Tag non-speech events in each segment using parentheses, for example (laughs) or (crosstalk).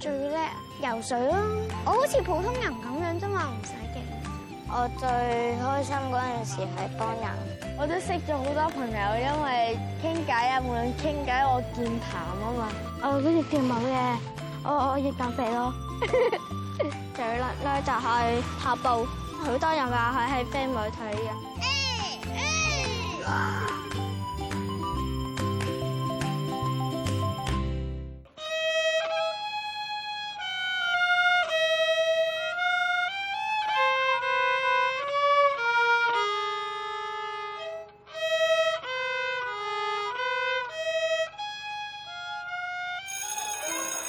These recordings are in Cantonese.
最叻游水咯，我好似普通人咁樣啫嘛，唔使勁。我最開心嗰陣時係幫人，我都識咗好多朋友，因為傾偈啊，無論傾偈我健談啊嘛。我好似、嗯哦、跳舞嘅、哦，我我亦減肥咯。嗯、 (laughs) 最叻咧就係跑步，好多人話佢係飛女睇嘅。哎哎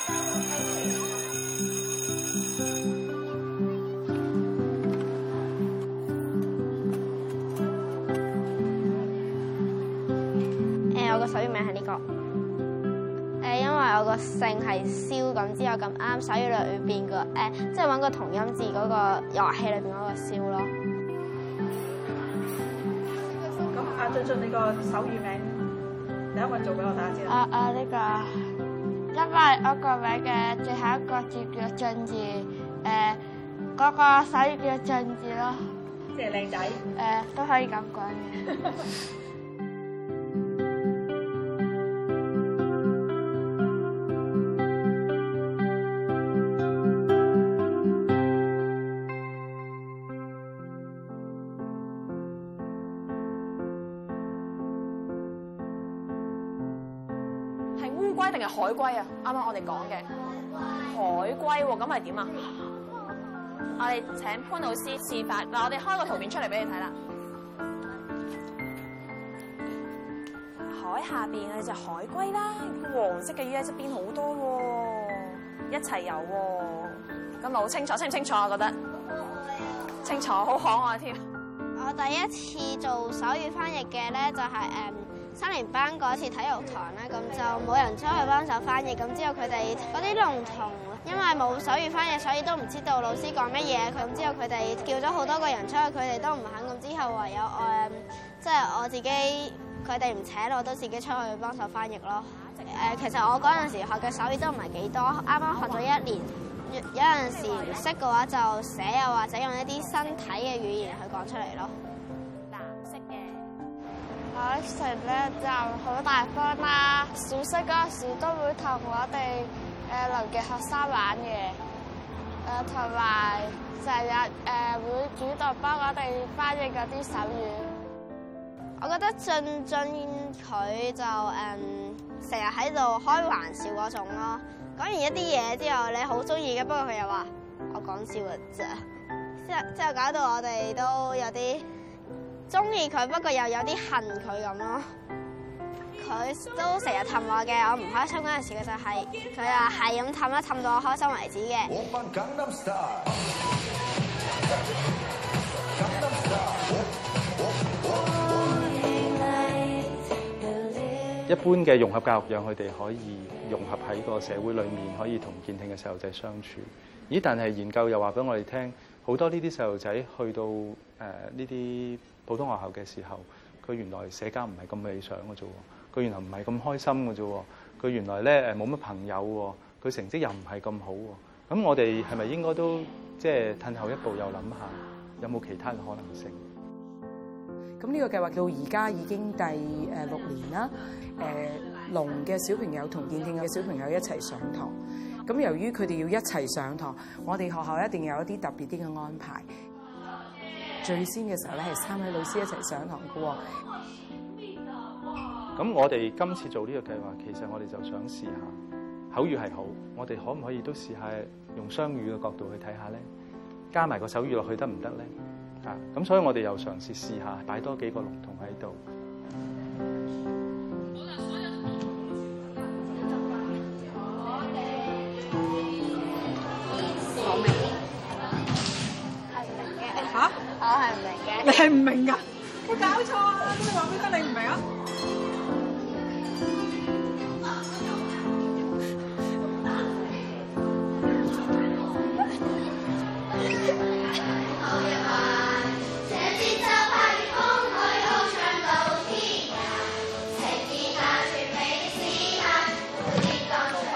誒、欸，我個手語名係呢個、欸。誒，因為我個姓係蕭，咁之後，咁啱手語裏邊個誒，即係搵個同音字嗰個遊戲裏邊嗰個蕭咯、啊。咁阿竣竣，你、這個手語名你一唔做俾我打啊啊呢個。啊、因為我個名嘅最後一個字叫竣字，誒、呃，嗰，那個手語叫竣字咯，即係靚仔，誒、呃，都可以咁講嘅。 (laughs) 龜啊，啱啱我哋講嘅海龜，咁係點啊？我哋請潘老師示範，嗱，我哋開個圖片出嚟俾你睇啦。海下邊嘅就海龜啦，黃色嘅魚喺側邊好多，一齊有，咁咪好清楚，清唔清楚？我覺得清楚，好可愛添、啊。我第一次做手語翻譯嘅咧，就係誒，三年班嗰次體育堂咧，咁就冇人出去幫手翻譯，咁之後佢哋嗰啲聾童，因為冇手語翻譯，所以都唔知道老師講乜嘢，佢咁之後佢哋叫咗好多個人出去，佢哋都唔肯，咁之後唯有誒，即係我自己，佢哋唔請我都自己出去幫手翻譯咯。誒、呃，其實我嗰陣時學嘅手語都唔係幾多，啱啱學咗一年，有陣時唔識嘅話就寫啊，或者用一啲身體嘅語言去講出嚟咯。凱乘咧就好大方啦，小息嗰時都會同我哋誒聾嘅學生玩嘅，誒同埋成日誒會主動幫我哋翻譯嗰啲手語。我覺得竣竣佢就誒成日喺度開玩笑嗰種咯，講完一啲嘢之後，你好中意嘅，不過佢又話我講笑嘅啫，即係即係搞到我哋都有啲。中意佢，不過又有啲恨佢咁咯。佢 (laughs) 都成日氹我嘅，我唔開心嗰陣時，就係，嘅就係佢啊，係咁氹啦，氹到我開心為止嘅。一般嘅融合教育，讓佢哋可以融合喺個社會裏面，可以同健聽嘅細路仔相處。咦？但係研究又話俾我哋聽，好多呢啲細路仔去到呢啲。呃普通學校嘅時候，佢原來社交唔係咁理想嘅啫喎，佢原來唔係咁開心嘅啫喎，佢原來咧誒冇乜朋友喎，佢成績又唔係咁好喎，咁我哋係咪應該都即係褪後一步又諗下，有冇其他嘅可能性？咁呢個計劃到而家已經第誒六年啦，誒、呃、聾嘅小朋友同健聽嘅小朋友一齊上堂，咁由於佢哋要一齊上堂，我哋學校一定有一啲特別啲嘅安排。最先嘅時候咧，係三位老師一齊上堂嘅喎。咁我哋今次做呢個計劃，其實我哋就想試下口語係好，我哋可唔可以都試下用雙語嘅角度去睇下咧？加埋個手語落去得唔得咧？啊，咁所以我哋又嘗試試下擺多幾個聾童喺度。你係唔明噶？冇搞錯啊！咁你話俾佢你唔明啊？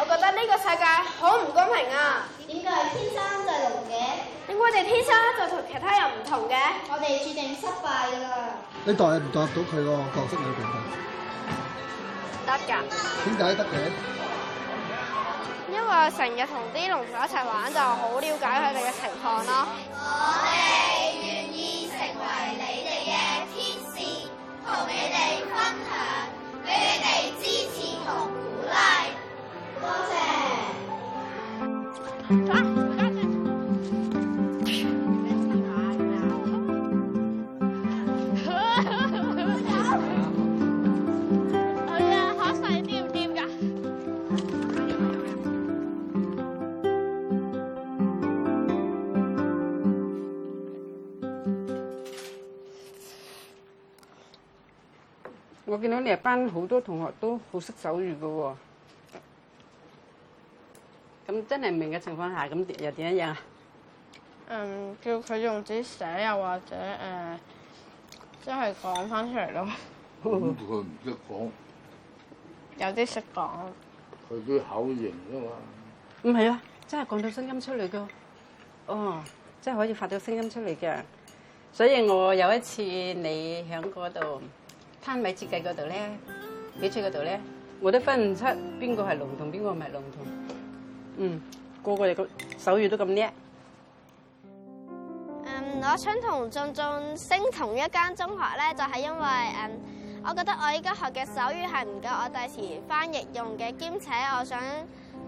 我覺得呢個世界好唔公平啊！我哋天生就同其他人唔同嘅，我哋注定失敗㗎啦。你代入唔代入到佢嗰角色裏面嘅？得噶。點解得嘅？因為我成日同啲聾友一齊玩，就好了解佢哋嘅情況咯。我哋願意成為你哋嘅天使，同你哋分享，俾你哋支持同鼓勵。多謝。班好多同學都好識手語㗎喎，咁真係唔明嘅情況下，咁又點樣啊？嗯，叫佢用自己寫又或者誒，即係講翻出嚟咯。佢唔識講，有啲識講。佢啲口型啫嘛。唔係啊，真係講到聲音出嚟嘅，哦，真係可以發到聲音出嚟嘅。所以我有一次你喺嗰度。攤位設計嗰度咧，幾處嗰度咧，我都分唔出邊個係龍同邊個唔係龍同。嗯，個個嘅手語都咁叻。嗯，我想同竣竣升同一間中學咧，就係因為嗯，我覺得我依家學嘅手語係唔夠我第時翻譯用嘅，兼且我想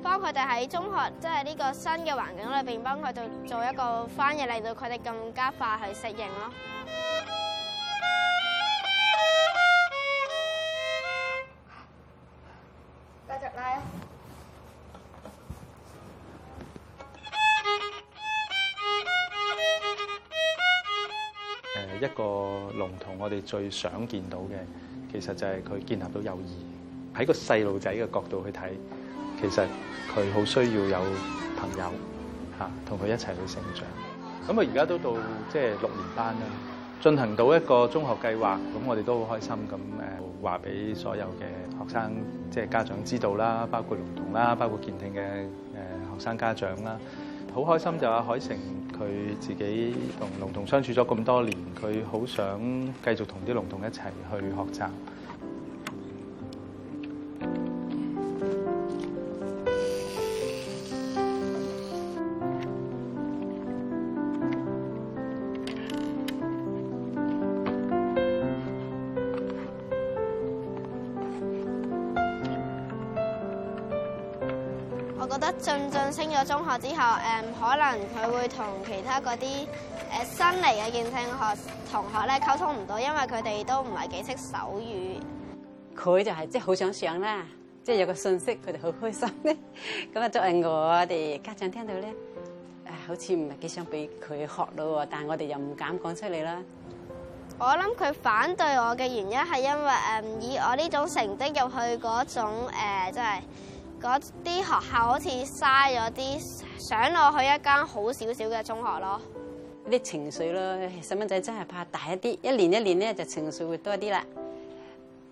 幫佢哋喺中學即係呢個新嘅環境裏邊幫佢哋做一個翻譯，令到佢哋更加快去適應咯。這個聾童，我哋最想見到嘅，其實就係佢建立到友誼。喺個細路仔嘅角度去睇，其實佢好需要有朋友吓，同佢一齊去成長。咁佢而家都到即係六年班啦，進行到一個中學計劃，咁我哋都好開心。咁誒，話俾所有嘅學生，即係家長知道啦，包括聾童啦，包括健聽嘅誒學生家長啦。好開心就阿凱乘，佢自己同聾童相處咗咁多年，佢好想繼續同啲聾童一齊去學習。誒、嗯，可能佢會同其他嗰啲誒新嚟嘅健聽學同學咧溝通唔到，因為佢哋都唔係幾識手語。佢就係即係好想上啦，即係有個信息，佢哋好開心咧。咁啊，作為我哋家長聽到咧，誒、哎，好似唔係幾想俾佢學咯，但係我哋又唔敢講出嚟啦。我諗佢反對我嘅原因係因為誒、嗯，以我呢種成績入去嗰種誒，即係。就是嗰啲學校好似嘥咗啲想落去一間好少少嘅中學咯，啲情緒咯，細蚊仔真係怕大一啲，一年一年咧就情緒會多啲啦。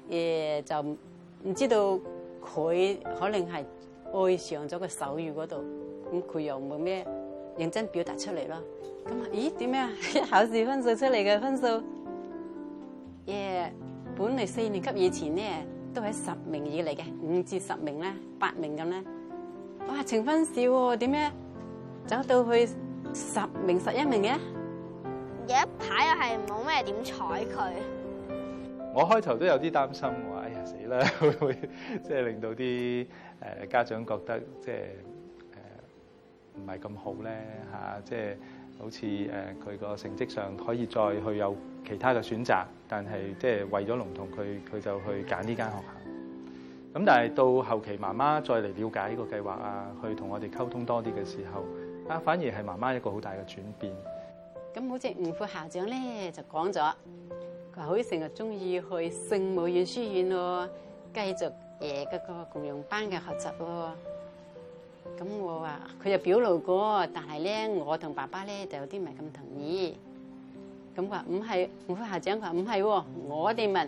誒、yeah, 就唔知道佢可能係愛上咗個手語嗰度，咁佢又冇咩認真表達出嚟咯。咁啊，咦點咩啊？ (laughs) 考試分數出嚟嘅分數，耶、yeah，本嚟四年級以前咧。都喺十名以嚟嘅，五至十名咧，八名咁咧，哇，情分少喎、啊，點咧？走到去十名、十一名嘅，有一排又係冇咩點睬佢。我開頭都有啲擔心喎，哎呀死啦，會唔會即係令到啲誒家長覺得即係誒唔係咁好咧嚇？即係。呃好似誒佢個成績上可以再去有其他嘅選擇，但係即係為咗聾童佢佢就去揀呢間學校。咁但係到後期媽媽再嚟了解呢個計劃啊，去同我哋溝通多啲嘅時候，啊反而係媽媽一個好大嘅轉變。咁好似吳副校長咧就講咗，佢好似成日中意去聖母院書院咯，繼續嘢嗰個共融班嘅學習咯。咁我話佢就表露過，但係咧我同爸爸咧就有啲唔係咁同意。咁話唔係，我副校長話唔係，我哋問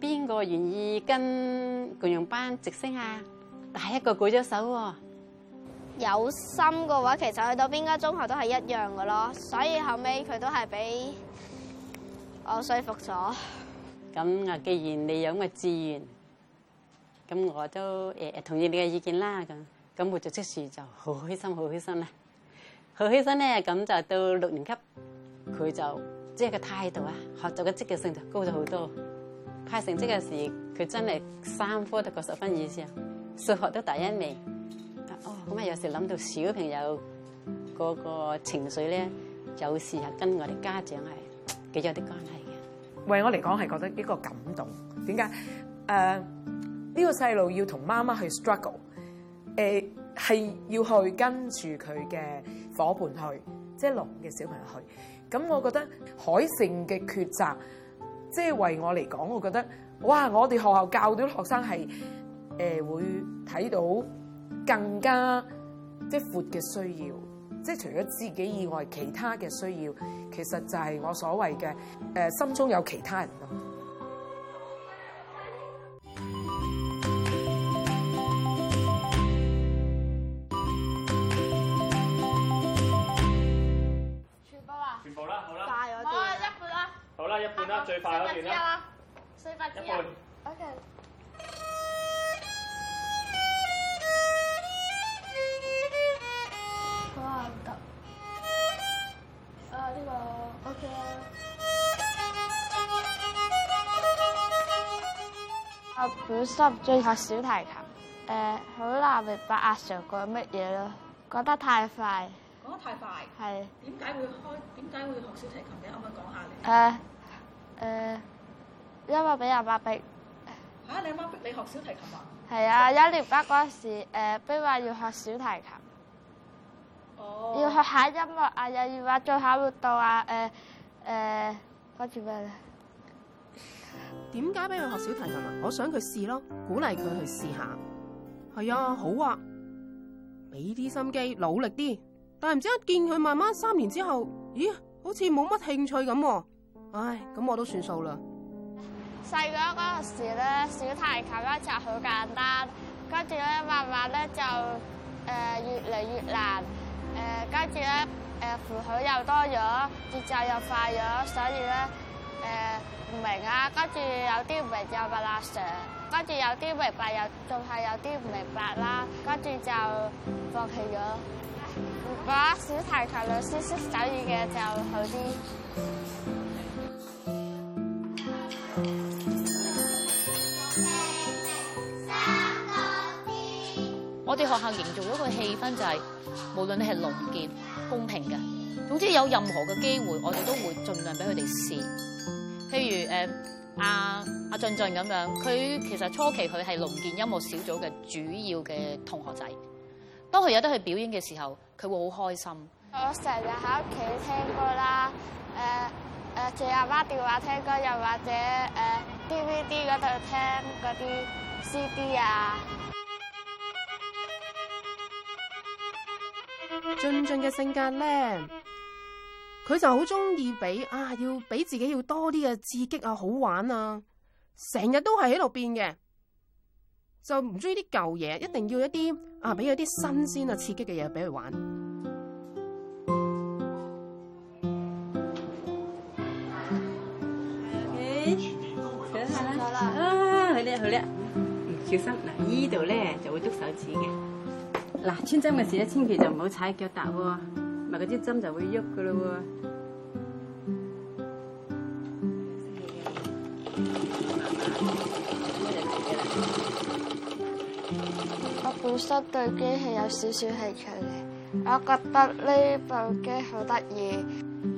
邊個願意跟共用班直升啊？第一個舉咗手。有心嘅話，其實去到邊間中學都係一樣嘅咯。所以後尾佢都係俾我說服咗。咁啊，既然你有咁嘅志願，咁我都誒同意你嘅意見啦咁。咁活就即時就好開心，好開心咧、啊，好開心咧、啊！咁就到六年級，佢就即係、就是、個態度啊，學習嘅積極性就高咗好多。派成績嘅時，佢真係三科得個十分以上，數學都第一名。哦，咁啊，有時諗到小朋友嗰個情緒咧，有時係跟我哋家長係幾有啲關係嘅。為我嚟講係覺得呢個感動，點解？誒，呢個細路要同媽媽去 struggle。誒、呃、係要去跟住佢嘅伙伴去，即係聾嘅小朋友去。咁我覺得凱乘嘅抉擇，即係為我嚟講，我覺得，哇！我哋學校教到學生係誒、呃、會睇到更加即係闊嘅需要，即係除咗自己以外，其他嘅需要，其實就係我所謂嘅誒心中有其他人咯。本身唔中意學小提琴，誒、呃、好難明白阿 Sir 講乜嘢咯，講得太快。講得太快。係。點解會開？點解會學小提琴你可唔可以講下嚟？係、呃，誒、呃，因為俾阿爸逼。吓、啊，你阿媽逼你學小提琴啊？係啊，一年級嗰陣時，誒、呃，逼話要學小提琴。哦、oh.。要學下音樂啊，又要話做下活動啊，誒、呃、誒，多住佢。點解俾佢學小提琴啊？我想佢試咯，鼓勵佢去試下。係啊，好啊，俾啲心機，努力啲。但係唔知一見佢慢慢三年之後，咦，好似冇乜興趣咁、啊。唉，咁我都算數啦。細個嗰時咧，小提琴一就好簡單，跟住咧慢慢咧就誒越嚟越難，誒跟住咧誒符號又多咗，節奏又快咗，所以咧誒。呃唔明啊！跟住有啲明白又拉扯，跟住有啲明白又仲係有啲唔明白啦，跟住就放棄咗。如果小提琴老師識手語嘅就好啲。我哋學校營造咗個氣氛就係，無論你係聾健，公平嘅。總之有任何嘅機會，我哋都會盡量俾佢哋試。譬如誒阿阿竣竣咁樣，佢、啊啊、其實初期佢係聾健音樂小組嘅主要嘅同學仔。當佢有得去表演嘅時候，佢會好開心。我成日喺屋企聽歌啦，誒誒阿爺阿媽電話聽歌，又或者誒、啊、DVD 嗰度聽嗰啲 CD 啊。竣竣嘅性格咧。佢就好中意俾啊，要俾自己要多啲嘅刺激啊，好玩啊，成日都係喺度變嘅，就唔中意啲舊嘢，一定要一啲啊，俾一啲新鮮啊刺激嘅嘢俾佢玩。OK，得，啊，啦，啊，好叻好叻，唔小心嗱，依度咧就會捉手指嘅。嗱，穿針嘅時咧，千祈就唔好踩腳踏喎，啊。嗰啲針就會喐嘅咯喎。我本身對機器有少少興趣嘅，我覺得呢部機好得意。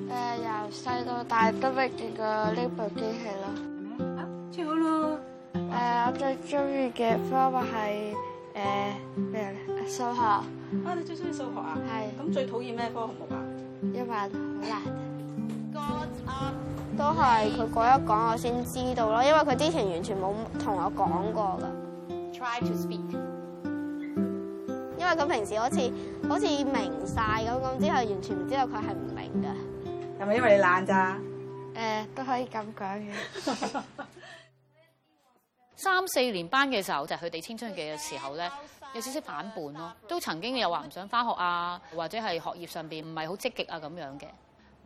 誒，由細到大都未見過呢部機器咯。超咯！誒，我最鍾意嘅方法係誒咩啊？數學。啊！你最中意數學啊？係。咁最討厭咩科目啊？因為好難。個都係佢嗰一講我先知道咯，因為佢之前完全冇同我講過噶。Try to speak。因為佢平時好似好似明晒咁，咁之後完全唔知道佢係唔明噶。係咪因為你懶咋？誒、呃，都可以咁講嘅。三四年班嘅時候就係佢哋青春期嘅時候咧。有少少反叛咯，都曾經又話唔想返學啊，或者係學業上邊唔係好積極啊咁樣嘅。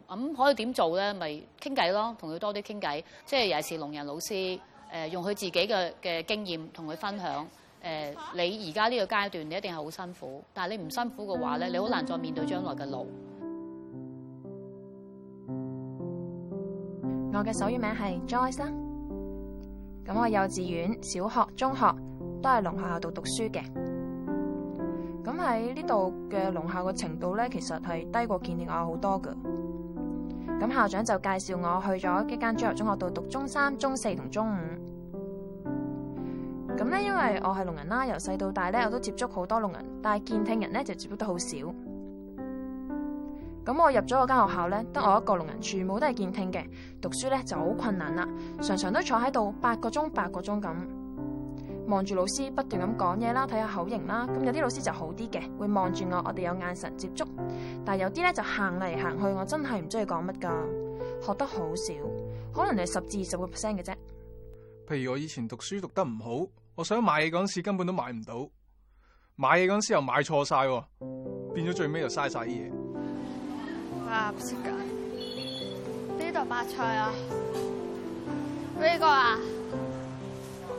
咁可以點做咧？咪傾偈咯，同佢多啲傾偈。即係尤其係聾人老師，誒用佢自己嘅嘅經驗同佢分享。誒，你而家呢個階段你一定係好辛苦，但係你唔辛苦嘅話咧，你好難再面對將來嘅路。我嘅手語名係 Joyce。咁我幼稚園、小學、中學都係聾校度讀，讀書嘅。咁喺呢度嘅聾校嘅程度咧，其實係低過健聽我好多噶。咁校長就介紹我去咗一間主流中學度讀中三、中四同中五。咁咧，因為我係聾人啦，由細到大咧，我都接觸好多聾人，但係健聽人咧就接觸得好少。咁我入咗嗰間學校咧，得我一個聾人，全部都係健聽嘅，讀書咧就好困難啦，常常都坐喺度八個鐘、八個鐘咁。望住老師不斷咁講嘢啦，睇下口型啦，咁有啲老師就好啲嘅，會望住我，我哋有眼神接觸，但係有啲咧就行嚟行去，我真係唔中意講乜噶，學得好少，可能係十至二十個 percent 嘅啫。譬如我以前讀書讀得唔好，我想買嘢嗰陣時根本都買唔到，買嘢嗰陣時又買錯晒，變咗最尾就嘥晒啲嘢。啊，唔識揀，呢度白菜啊，呢個啊。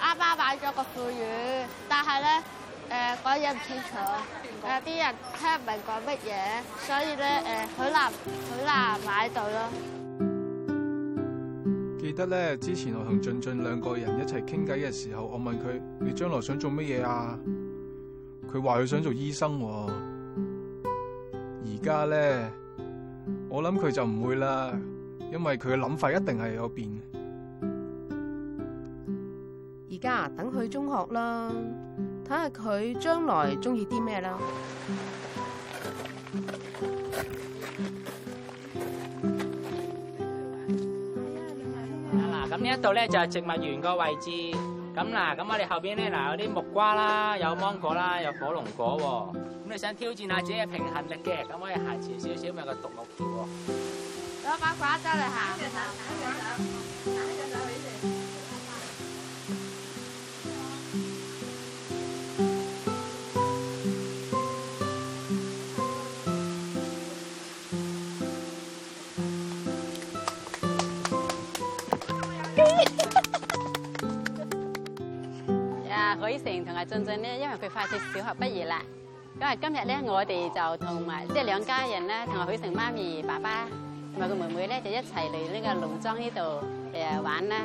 阿媽買咗個副語，但係咧，誒講嘢唔清楚，誒、呃、啲人聽唔明講乜嘢，所以咧，誒好難好難買到咯。記得咧，之前我同竣竣兩個人一齊傾偈嘅時候，我問佢：你將來想做乜嘢啊？佢話佢想做醫生，哦。而家咧，我諗佢就唔會啦，因為佢嘅諗法一定係有變。家等佢中學啦，睇下佢將來中意啲咩啦。嗱，咁呢一度咧就係植物園個位置。咁嗱，咁我哋後邊咧嗱有啲木瓜啦，有芒果啦，有火龍果。咁你想挑戰下自己嘅平衡力嘅，咁可以行前少少，咪個獨木橋。我把瓜揸嚟行。同阿竣竣咧，因為佢快似小學畢業啦。咁啊，今日咧，我哋就同埋即係兩家人咧，同阿凱乘媽咪、爸爸同埋個妹妹咧，就一齊嚟呢個農莊呢度誒玩啦。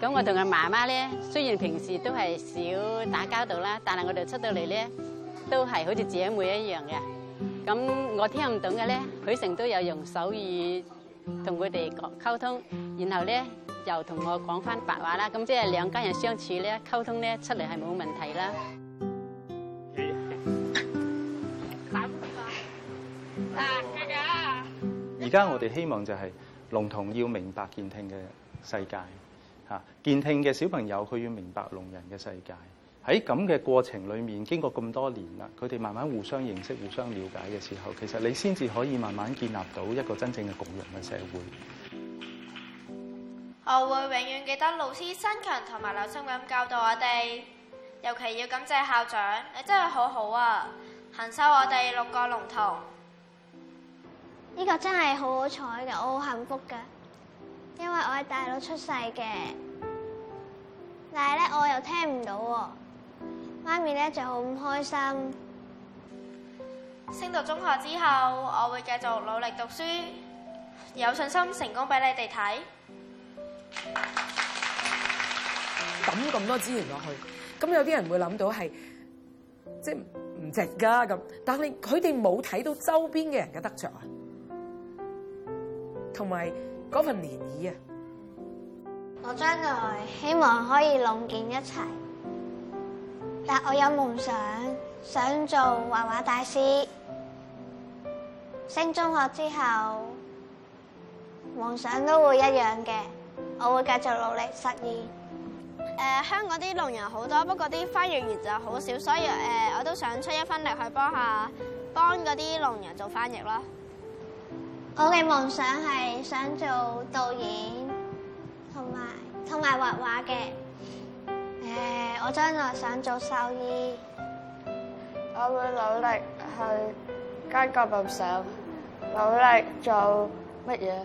咁我同阿媽媽咧，雖然平時都係少打交道啦，但係我哋出到嚟咧，都係好似姐妹一樣嘅。咁我聽唔懂嘅咧，凱乘都有用手語同佢哋講溝通，然後咧。又同我講翻白話啦，咁即係兩家人相處咧、溝通咧，出嚟係冇問題啦。而家我哋希望就係聾童要明白健聽嘅世界，嚇健聽嘅小朋友佢要明白聾人嘅世界。喺咁嘅過程裡面，經過咁多年啦，佢哋慢慢互相認識、互相了解嘅時候，其實你先至可以慢慢建立到一個真正嘅共融嘅社會。我會永遠記得老師辛勤同埋留心咁教導我哋，尤其要感謝校長，你真係好好啊！行收我哋六個龍頭，呢個真係好好彩嘅，我好幸福噶，因為我係大佬出世嘅。但係咧，我又聽唔到，媽咪咧就好唔開心。升到中學之後，我會繼續努力讀書，有信心成功俾你哋睇。抌咁多資源落去，咁有啲人會諗到係即係唔值噶咁，但係佢哋冇睇到周邊嘅人嘅得着啊，同埋嗰份漣漪啊。我將來希望可以聾健一齊，但我有夢想，想做畫畫大師。升中學之後，夢想都會一樣嘅。我會繼續努力實現。誒、呃，香港啲聾人好多，不過啲翻譯員就好少，所以誒、呃，我都想出一分力去幫一下幫嗰啲聾人做翻譯咯。我嘅夢想係想做導演，同埋同埋畫畫嘅。誒、呃，我將來想做獸醫。我會努力去街角入事，努力做乜嘢？